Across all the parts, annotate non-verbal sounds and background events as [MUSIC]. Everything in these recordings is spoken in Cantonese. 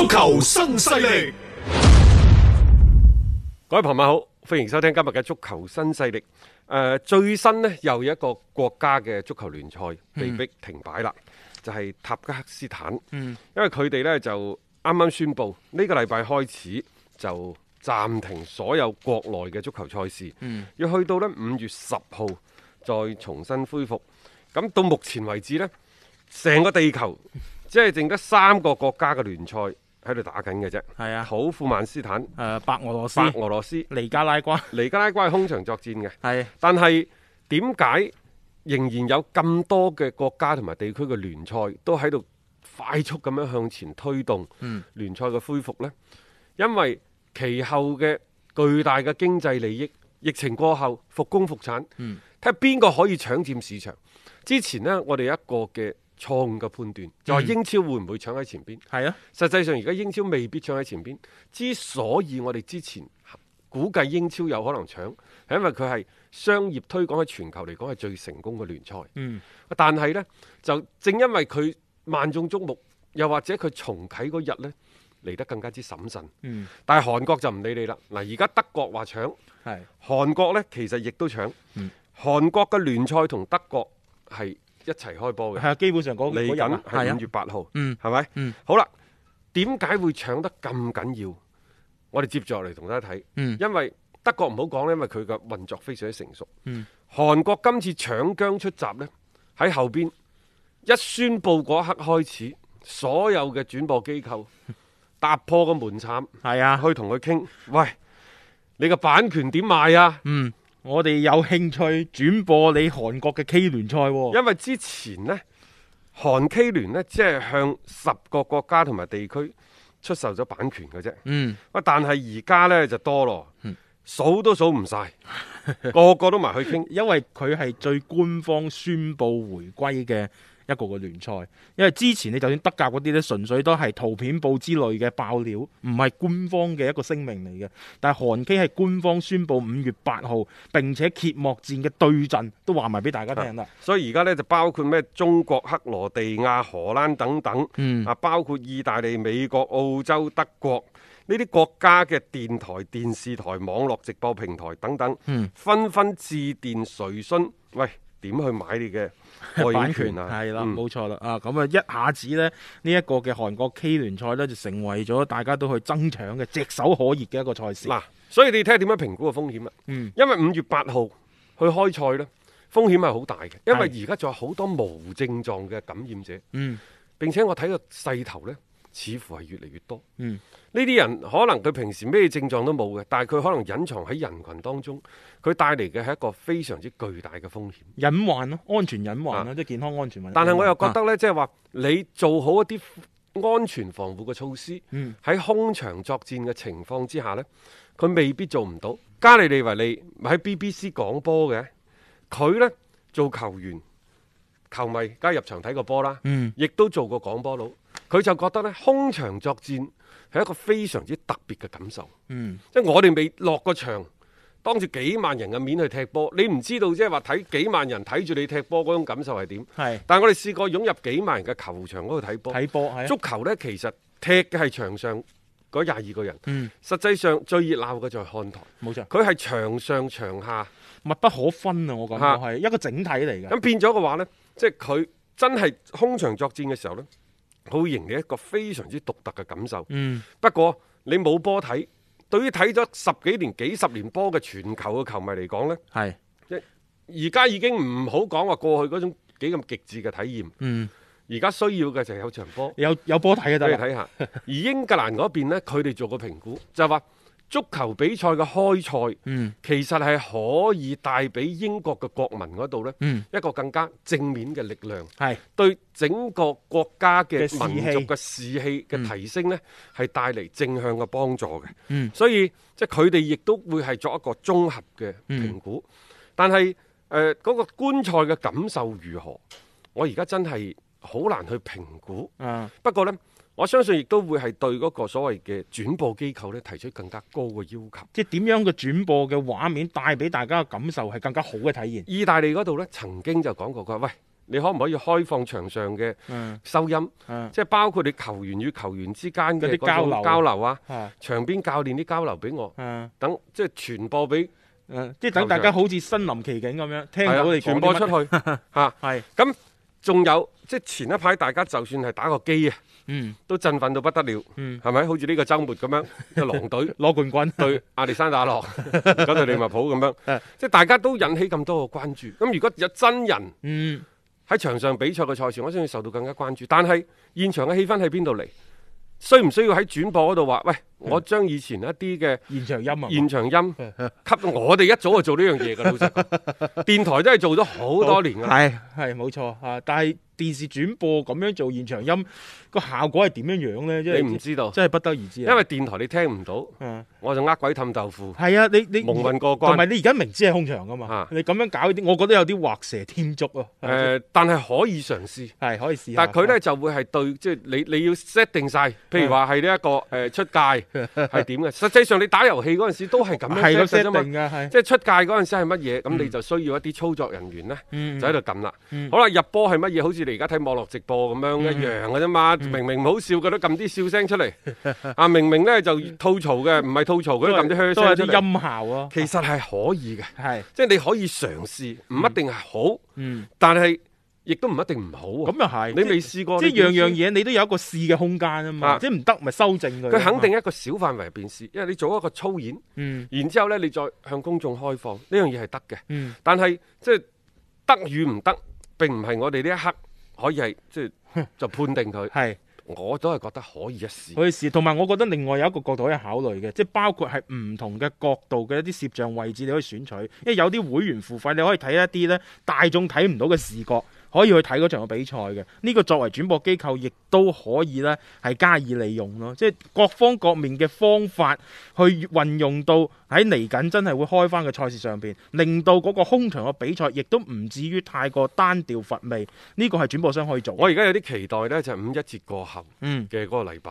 足球新勢力，各位朋友好，歡迎收聽今日嘅足球新勢力。誒、呃，最新咧又一個國家嘅足球聯賽被逼停擺啦，嗯、就係塔吉克斯坦。嗯、因為佢哋呢就啱啱宣布呢、這個禮拜開始就暫停所有國內嘅足球賽事。嗯、要去到咧五月十號再重新恢復。咁到目前為止呢，成個地球只係剩得三個國家嘅聯賽。喺度打緊嘅啫，係啊，土庫曼斯坦，誒、呃，白俄羅斯，白俄羅斯，尼加拉瓜，尼加拉瓜係空場作戰嘅，係、啊。但係點解仍然有咁多嘅國家同埋地區嘅聯賽都喺度快速咁樣向前推動？嗯，聯賽嘅恢復呢？嗯、因為其後嘅巨大嘅經濟利益，疫情過後復工復產，嗯，睇下邊個可以搶佔市場。之前呢，我哋一個嘅。錯誤嘅判斷，就係英超會唔會搶喺前邊？嗯，係啊，實際上而家英超未必搶喺前邊。之所以我哋之前估計英超有可能搶，係因為佢係商業推廣喺全球嚟講係最成功嘅聯賽。嗯，但係呢，就正因為佢萬眾矚目，又或者佢重啟嗰日呢，嚟得更加之審慎。嗯，但係韓國就唔理你啦。嗱，而家德國話搶，係。韓國呢，其實亦都搶。嗯，韓國嘅聯賽同德國係。一齊開波嘅，係啊，基本上嗰個人係、啊、五、啊、月八號，係咪？好啦，點解會搶得咁緊要？我哋接住落嚟同大家睇，嗯、因為德國唔好講，因為佢嘅運作非常之成熟。韓、嗯、國今次搶薑出閘呢，喺後邊一宣布嗰刻開始，所有嘅轉播機構踏破個門檻，係啊，去同佢傾，喂，你嘅版權點賣啊？嗯我哋有興趣轉播你韓國嘅 K 聯賽，哦，因為之前呢，韓 K 聯呢，即係向十個國家同埋地區出售咗版權嘅啫。嗯，但係而家呢，就多咯，數都數唔晒，嗯、個個都埋去傾， [LAUGHS] 因為佢係最官方宣佈回歸嘅。一個個聯賽，因為之前你就算德甲嗰啲呢，純粹都係圖片報之類嘅爆料，唔係官方嘅一個聲明嚟嘅。但係韓 K 係官方宣布五月八號，並且揭幕戰嘅對陣都話埋俾大家聽啦、啊。所以而家呢，就包括咩中國、克羅地亞、荷蘭等等，啊、嗯，包括意大利、美國、澳洲、德國呢啲國家嘅電台、電視台、網絡直播平台等等，紛紛、嗯、致電垂詢，喂。點去買你嘅版權啊？係啦， [LAUGHS] 冇錯啦、嗯、啊！咁啊，一下子咧呢一、一個嘅韓國 K 聯賽咧就成為咗大家都去爭搶嘅炙手可熱嘅一個賽事。嗱，所以你睇下點樣評估個風險啊？嗯，因為五月八號去開賽咧，風險係好大嘅，因為而家仲有好多無症狀嘅感染者。嗯，並且我睇個勢頭咧。似乎係越嚟越多。嗯，呢啲人可能佢平時咩症狀都冇嘅，但係佢可能隱藏喺人群當中，佢帶嚟嘅係一個非常之巨大嘅風險、隱患咯、啊，安全隱患咯、啊，即、啊、健康安全。但係我又覺得呢，即係話你做好一啲安全防護嘅措施，喺、嗯、空場作戰嘅情況之下呢，佢未必做唔到。加利利維利喺 BBC 廣播嘅，佢呢做球員、球迷，梗係入場睇過波啦，亦都、嗯、做過廣播佬。佢就覺得呢，空場作戰係一個非常之特別嘅感受。嗯，即係我哋未落個場，當住幾萬人嘅面去踢波，你唔知道即係話睇幾萬人睇住你踢波嗰種感受係點。係，但係我哋試過湧入幾萬人嘅球場嗰度睇波。睇波。係啊。足球呢，其實踢嘅係場上嗰廿二個人。嗯。實際上最熱鬧嘅就係看台。冇錯。佢係場上場下密不可分啊！我覺得係一個整體嚟嘅。咁變咗嘅話呢，即係佢真係空場作戰嘅時候呢。佢會迎嚟一個非常之獨特嘅感受。嗯，不過你冇波睇，對於睇咗十幾年、幾十年波嘅全球嘅球迷嚟講咧，係是，即而家已經唔好講話過去嗰種幾咁極致嘅體驗。嗯，而家需要嘅就係有場波，有有波睇嘅就嚟睇下。看看 [LAUGHS] 而英格蘭嗰邊咧，佢哋做個評估，就係話、是。足球比賽嘅開賽，其實係可以帶俾英國嘅國民嗰度呢一個更加正面嘅力量，對整個國家嘅民族嘅士氣嘅提升呢係帶嚟正向嘅幫助嘅。嗯、所以即係佢哋亦都會係作一個綜合嘅評估，嗯、但係誒嗰個觀賽嘅感受如何，我而家真係好難去評估。啊、不過呢。我相信亦都會係對嗰個所謂嘅轉播機構咧提出更加高嘅要求，即係點樣嘅轉播嘅畫面帶俾大家嘅感受係更加好嘅體驗。意大利嗰度咧曾經就講過，佢話：喂，你可唔可以開放場上嘅收音，即係包括你球員與球員之間嘅啲交流交流啊，場邊教練啲交流俾我，的等即係傳播俾，呃、即係等大家好似身臨其境咁樣的聽到你傳播出去咁，仲 [LAUGHS] 的、啊、有即係前一排大家就算係打個機啊。嗯，都振奮到不得了，係咪？好似呢個周末咁樣，狼隊攞冠軍對亞歷山大洛嗰對利物浦咁樣，即係大家都引起咁多嘅關注。咁如果有真人，嗯，喺場上比賽嘅賽事，我相信受到更加關注。但係現場嘅氣氛喺邊度嚟？需唔需要喺轉播嗰度話？喂，我將以前一啲嘅現場音、現場音，畀我哋一早就做呢樣嘢嘅，老實講，電台都係做咗好多年。係係冇錯啊，但係。電視轉播咁樣做現場音個效果係點樣樣咧？即係你唔知道，真係不得而知。因為電台你聽唔到，我就呃鬼氹豆腐。係啊，你你蒙混過關，同埋你而家明知係空場噶嘛？你咁樣搞啲，我覺得有啲畫蛇添足咯。誒，但係可以嘗試，係可以試下。但係佢咧就會係對，即係你你要 set 定曬，譬如話係呢一個誒出界係點嘅。實際上你打遊戲嗰陣時都係咁樣 set 定㗎，係即係出界嗰陣時係乜嘢，咁你就需要一啲操作人員咧就喺度撳啦。好啦，入波係乜嘢？好似而家睇網絡直播咁樣一樣嘅啫嘛，明明唔好笑，佢都撳啲笑聲出嚟啊！明明咧就吐槽嘅，唔係吐槽，佢都撳啲噓聲，啲音效啊。其實係可以嘅，係即係你可以嘗試，唔一定係好，嗯，但係亦都唔一定唔好喎。咁又係你未試過，即係樣樣嘢你都有一個試嘅空間啊嘛。即係唔得咪修正佢，肯定一個小範圍入邊試，因為你做一個操演，嗯，然之後咧你再向公眾開放呢樣嘢係得嘅，嗯，但係即係得與唔得並唔係我哋呢一刻。可以即、就係、就判定佢哼我，我都係覺得可以一試。可以試，同埋我覺得另外有一個角度可以考慮嘅，即包括係唔同嘅角度嘅一啲攝像位置，你可以選取，因為有啲會員付費，你可以睇一啲呢大眾睇唔到嘅視覺。可以去睇嗰場嘅比賽嘅，呢個作為轉播機構，亦都可以呢係加以利用咯。即係各方各面嘅方法去運用到喺嚟緊真係會開返嘅賽事上邊，令到嗰個空場嘅比賽亦都唔至於太過單調乏味。呢個係轉播商可以做。我而家有啲期待呢，就係五一節過後嘅嗰個禮拜，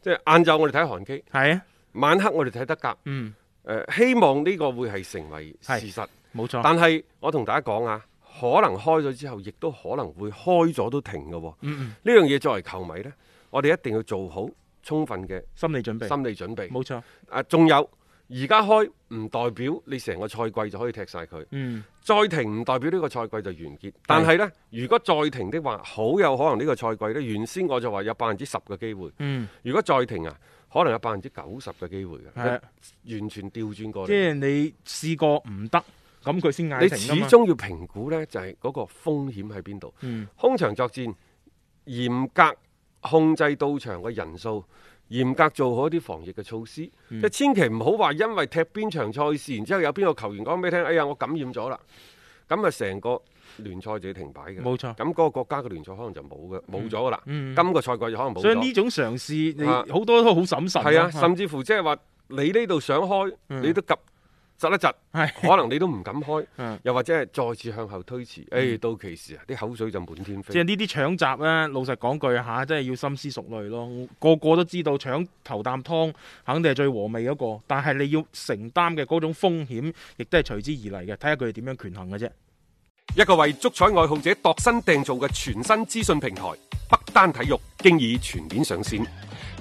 即係晏晝我哋睇韓 K，係啊，晚黑我哋睇德甲。嗯，呃，希望呢個會係成為事實，冇錯。但係我同大家講啊。可能開咗之後，亦都可能會開咗都停嘅喎。嗯嗯，呢樣嘢作為球迷呢，我哋一定要做好充分嘅心理準備。心理準備，冇錯。啊，仲有而家開唔代表你成個賽季就可以踢晒佢。嗯，再停唔代表呢個賽季就完結。但係呢，是的 如果再停的話，好有可能呢個賽季呢，原先我就話有百分之十嘅機會。嗯，如果再停啊，可能有百分之九十嘅機會嘅。是的 完全調轉過嚟。即係你試過唔得。咁佢先嗌停噶嘛？你始終要評估呢，就係嗰個風險喺邊度？嗯、空場作戰，嚴格控制到場嘅人數，嚴格做好一啲防疫嘅措施。即、嗯、千祈唔好話，因為踢邊場賽事，然之後有邊個球員講俾你聽，哎呀，我感染咗啦！咁啊，成個聯賽就要停擺嘅。冇錯。咁嗰個國家嘅聯賽可能就冇嘅，冇咗噶啦。了嗯嗯今個賽季就可能冇咗。所以呢種嘗試，你好多都好審慎。係啊,啊，甚至乎即係話，你呢度想開，嗯、你都急。」窒一窒，可能你都唔敢開， [LAUGHS] 又或者係再次向後推遲。誒、 [LAUGHS] 哎，到其時啊，啲口水就滿天飛。即係呢啲搶閘呢，老實講句嚇，真係要深思熟慮咯。個個都知道搶頭啖湯，肯定係最和味嗰個，但係你要承擔嘅嗰種風險，亦都係隨之而嚟嘅。睇下佢哋點樣權衡嘅啫。一個為足彩愛好者度身訂造嘅全新資訊平台北單體育，經已全面上線。